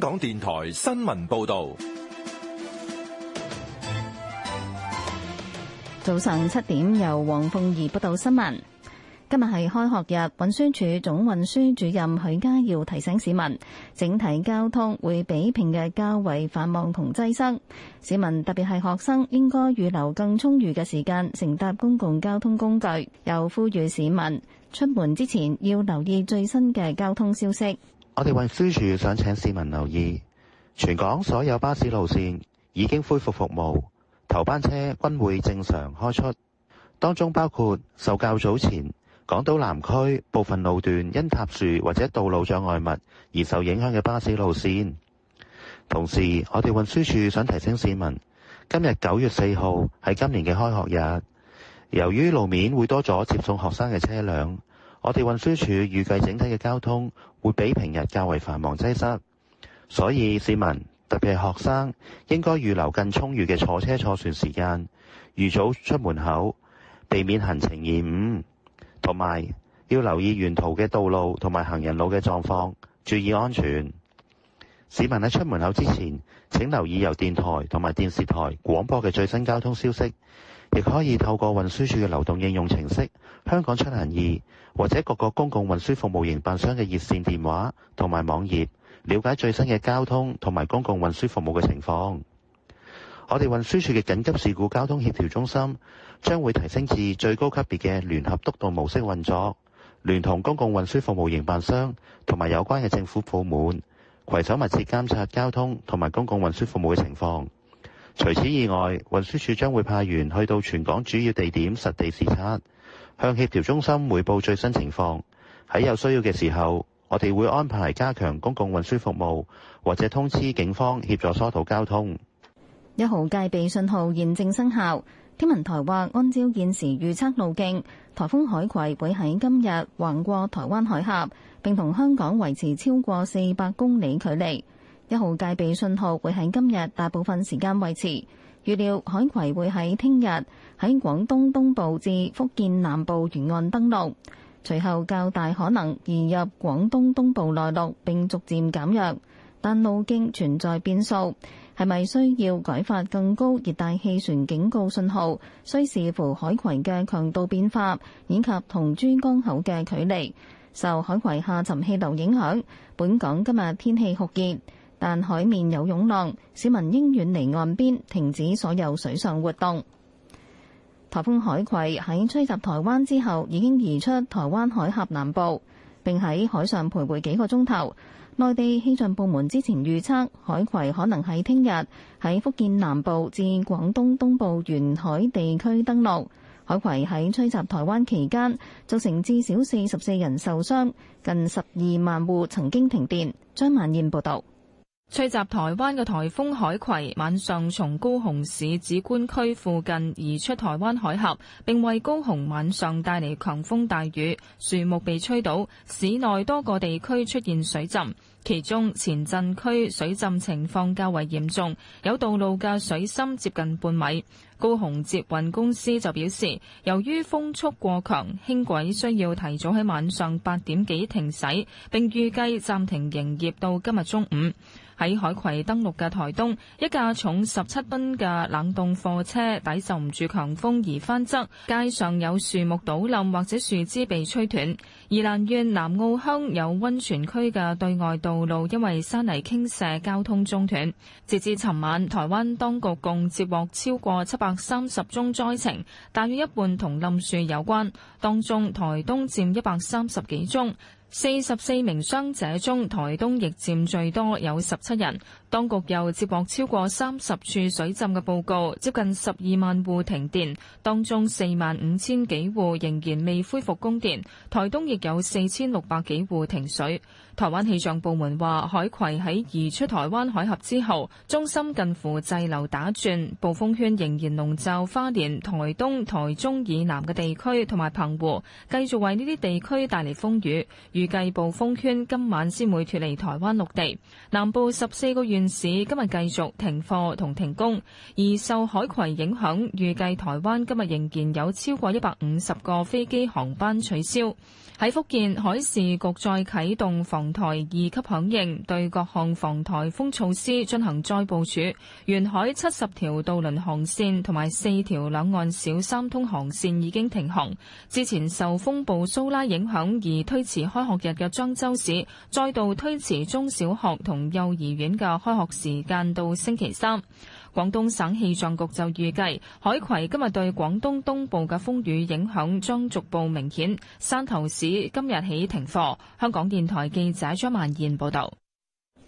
香港電台新聞報道：早上七點由黃鳳儀報道新聞。今日係開學日，運輸署總運輸主任許家耀提醒市民，整體交通會比平日較為繁忙同擠塞。市民特別係學生，應該預留更充裕嘅時間乘搭公共交通工具。又呼籲市民出門之前要留意最新嘅交通消息。我哋運輸處想請市民留意，全港所有巴士路線已經恢復服務，頭班車均會正常開出。當中包括受較早前港島南區部分路段因塌樹或者道路障礙物而受影響嘅巴士路線。同時，我哋運輸處想提醒市民，今日九月四號係今年嘅開學日，由於路面會多咗接送學生嘅車輛。我哋運輸署預計整體嘅交通會比平日較為繁忙擠塞，所以市民特別係學生應該預留更充裕嘅坐車坐船時間，預早出門口，避免行程延誤，同埋要留意沿途嘅道路同埋行人路嘅狀況，注意安全。市民喺出門口之前，請留意由電台同埋電視台廣播嘅最新交通消息。亦可以透過運輸署嘅流動應用程式《香港出行易》，或者各個公共運輸服務營辦商嘅熱線電話同埋網頁，了解最新嘅交通同埋公共運輸服務嘅情況。我哋運輸署嘅緊急事故交通協調中心將會提升至最高級別嘅聯合督導模式運作，聯同公共運輸服務營辦商同埋有關嘅政府部門，攜手密切監察交通同埋公共運輸服務嘅情況。除此以外，運輸署將會派員去到全港主要地點實地視察，向協調中心匯報最新情況。喺有需要嘅時候，我哋會安排加強公共運輸服務，或者通知警方協助疏導交通。一號戒備信號現正生效。天文台話，按照現時預測路徑，颱風海葵會喺今日橫過台灣海峽，並同香港維持超過四百公里距離。一號戒備信號會喺今日大部分時間維持，預料海葵會喺聽日喺廣東東部至福建南部沿岸登陸，隨後較大可能移入廣東東部內陸並逐漸減弱，但路徑存在變數，係咪需要改發更高熱帶氣旋警告信號，需視乎海葵嘅強度變化以及同珠江口嘅距離。受海葵下沉氣流影響，本港今日天氣酷熱。但海面有湧浪，市民應遠離岸邊，停止所有水上活動。颱風海葵喺吹襲台灣之後，已經移出台灣海峽南部，並喺海上徘徊幾個鐘頭。內地氣象部門之前預測，海葵可能喺聽日喺福建南部至廣東東部沿海地區登陸。海葵喺吹襲台灣期間，造成至少四十四人受傷，近十二萬戶曾經停電。張萬燕報道。吹襲台灣嘅台風海葵，晚上從高雄市梓官區附近移出台灣海峽，並為高雄晚上帶嚟強風大雨，樹木被吹倒，市內多個地區出現水浸，其中前鎮區水浸情況較為嚴重，有道路嘅水深接近半米。高雄捷運公司就表示，由於風速過強，輕軌需要提早喺晚上八點幾停駛，並預計暫停營業到今日中午。喺海葵登陸嘅台東，一架重十七噸嘅冷凍貨車抵受唔住強風而翻側，街上有樹木倒冧或者樹枝被吹斷。宜蘭縣南澳鄉有溫泉區嘅對外道路因為山泥傾瀉，交通中斷。截至尋晚，台灣當局共接獲超過七百三十宗災情，大約一半同冧樹有關，當中台東佔一百三十幾宗。四十四名傷者中，台東亦佔最多，有十七人。當局又接獲超過三十處水浸嘅報告，接近十二萬戶停電，當中四萬五千幾戶仍然未恢復供電。台東亦有四千六百幾戶停水。台灣氣象部門話，海葵喺移出台灣海峽之後，中心近乎滯留打轉，暴風圈仍然籠罩花蓮、台東、台中以南嘅地區同埋澎湖，繼續為呢啲地區帶嚟風雨。預計暴風圈今晚先會脫離台灣陸地，南部十四個縣市今日繼續停課同停工，而受海葵影響，預計台灣今日仍然有超過一百五十個飛機航班取消。喺福建海事局再啟動防台二級響應，對各項防台風措施進行再部署。沿海七十條渡輪航線同埋四條兩岸小三通航線已經停航，之前受風暴蘇拉影響而推遲開航。昨日嘅漳州市再度推遲中小學同幼兒園嘅開學時間到星期三。廣東省氣象局就預計，海葵今日對廣東東部嘅風雨影響將逐步明顯。汕頭市今日起停課。香港電台記者張曼燕報道。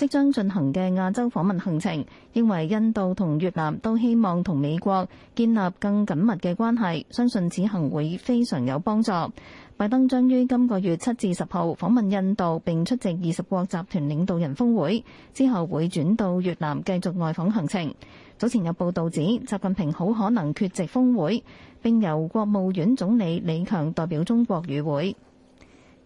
即將進行嘅亞洲訪問行程，認為印度同越南都希望同美國建立更緊密嘅關係，相信此行會非常有幫助。拜登將於今個月七至十號訪問印度，並出席二十國集團領導人峰會，之後會轉到越南繼續外訪行程。早前有報導指，習近平好可能缺席峰會，並由國務院總理李強代表中國與會。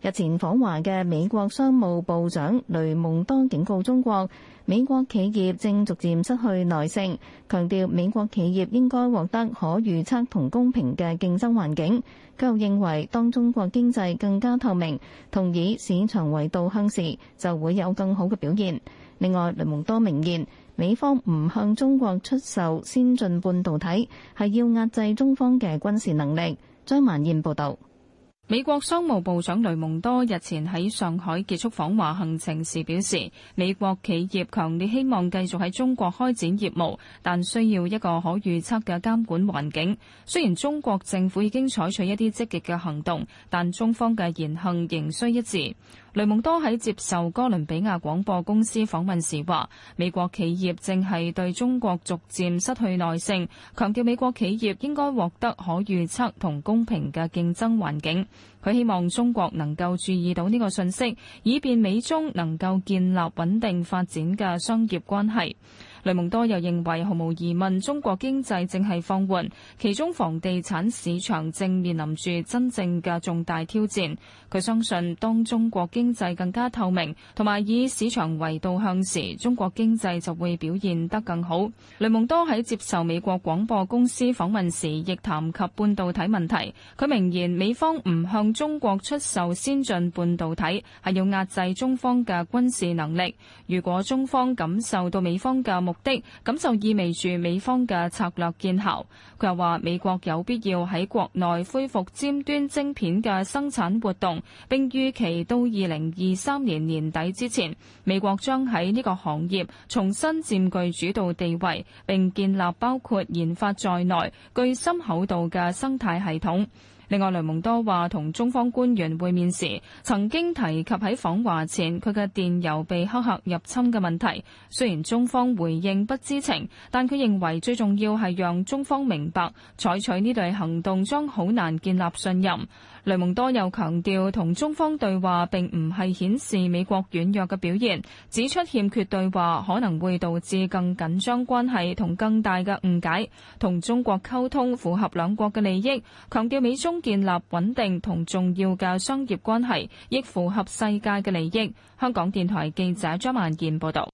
日前訪華嘅美國商務部長雷蒙多警告中國，美國企業正逐漸失去耐性，強調美國企業應該獲得可預測同公平嘅競爭環境。佢又認為，當中國經濟更加透明，同以市場為導向時，就會有更好嘅表現。另外，雷蒙多明言，美方唔向中國出售先進半導體，係要壓制中方嘅軍事能力。張曼燕報導。美國商務部長雷蒙多日前喺上海結束訪華行程時表示，美國企業強烈希望繼續喺中國開展業務，但需要一個可預測嘅監管環境。雖然中國政府已經採取一啲積極嘅行動，但中方嘅言行仍需一致。雷蒙多喺接受哥倫比亞廣播公司訪問時話，美國企業正係對中國逐漸失去耐性，強調美國企業應該獲得可預測同公平嘅競爭環境。佢希望中國能夠注意到呢個信息，以便美中能夠建立穩定發展嘅商業關係。雷蒙多又認為，毫無疑問中國經濟正係放緩，其中房地產市場正面臨住真正嘅重大挑戰，佢相信當中國經濟更加透明同埋以市場為導向時，中國經濟就會表現得更好。雷蒙多喺接受美國廣播公司訪問時亦談及半導體問題，佢明言美方唔向中國出售先進半導體，係要壓制中方嘅軍事能力。如果中方感受到美方嘅目的咁，就意味住美方嘅策略見效。佢又話美國有必要喺國內恢復尖端晶片嘅生產活動，並預期到二零二三年年底之前，美國將喺呢個行業重新占據主導地位，並建立包括研發在內具深厚度嘅生態系統。另外，雷蒙多話同中方官員會面時，曾經提及喺訪華前佢嘅電郵被黑客入侵嘅問題。雖然中方回應不知情，但佢認為最重要係讓中方明白採取呢類行動將好難建立信任。雷蒙多又強調，同中方對話並唔係顯示美國軟弱嘅表現，指出欠缺對話可能會導致更緊張關係同更大嘅誤解。同中國溝通符合兩國嘅利益，強調美中。建立穩定同重要嘅商業關係，亦符合世界嘅利益。香港電台記者張萬健報導。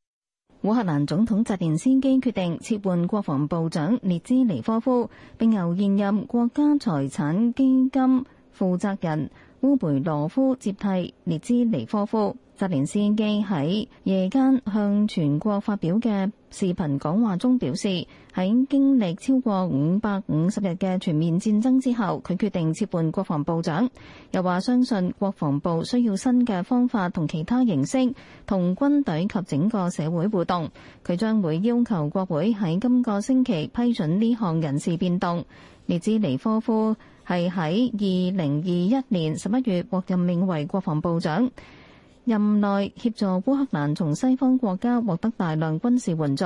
烏克蘭總統澤連斯基決定撤換國防部長列茲尼科夫，並由現任國家財產基金負責人烏梅羅夫接替列茲尼科夫。澤連斯基喺夜間向全國發表嘅視頻講話中表示，喺經歷超過五百五十日嘅全面戰爭之後，佢決定撤換國防部長。又話相信國防部需要新嘅方法同其他形式同軍隊及整個社會互動。佢將會要求國會喺今個星期批准呢項人事變動。列茲尼科夫係喺二零二一年十一月獲任命為國防部長。任內協助烏克蘭從西方國家獲得大量軍事援助，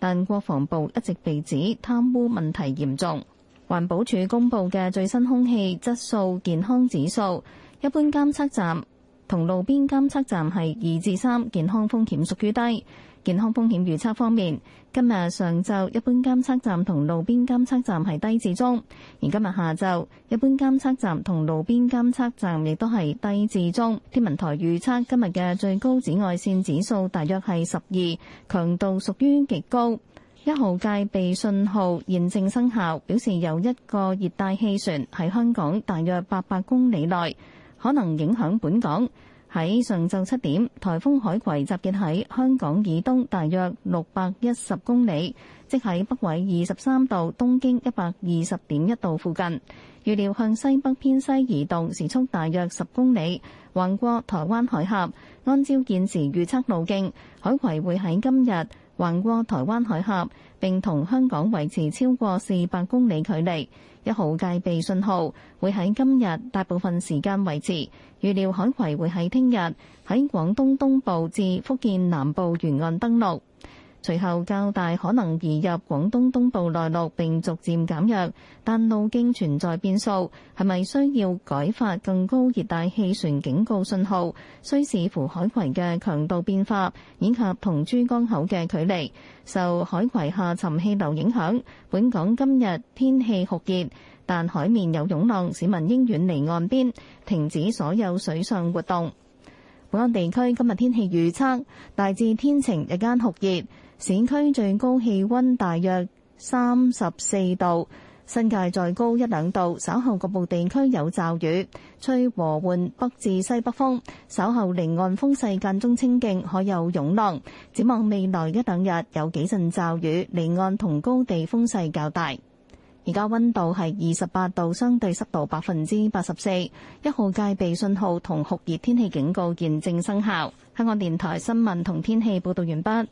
但國防部一直被指貪污問題嚴重。環保署公布嘅最新空氣質素健康指數，一般監測站，同路邊監測站係二至三，健康風險屬於低。健康風險預測方面，今日上晝一般監測站同路邊監測站係低至中，而今日下晝一般監測站同路邊監測站亦都係低至中。天文台預測今日嘅最高紫外線指數大約係十二，強度屬於極高。一號戒備信號現正生效，表示有一個熱帶氣旋喺香港大約八百公里內。可能影響本港。喺上晝七點，颱風海葵集結喺香港以東大約六百一十公里，即喺北緯二十三度、東經一百二十點一度附近。預料向西北偏西移動，時速大約十公里，橫過台灣海峽。按照現時預測路徑，海葵會喺今日橫過台灣海峽，並同香港維持超過四百公里距離。一號戒備信號會喺今日大部分時間維持，預料海葵會喺聽日喺廣東東部至福建南部沿岸登陸。隨後較大可能移入廣東東部內陸，並逐漸減弱。但路徑存在變數，係咪需要改發更高熱帶氣旋警告信號，需視乎海葵嘅強度變化以及同珠江口嘅距離。受海葵下沉氣流影響，本港今日天氣酷熱，但海面有湧浪，市民應遠離岸邊，停止所有水上活動。本港地區今日天氣預測大致天晴，日間酷熱。市區最高氣温大約三十四度，新界再高一兩度。稍後局部地區有驟雨，吹和緩北至西北風。稍後離岸風勢間中清勁，可有湧浪。展望未來一兩日有幾陣驟雨，離岸同高地風勢較大。而家温度係二十八度，相對濕度百分之八十四。一號戒備信號同酷熱天氣警告現正生效。香港電台新聞同天氣報導完畢。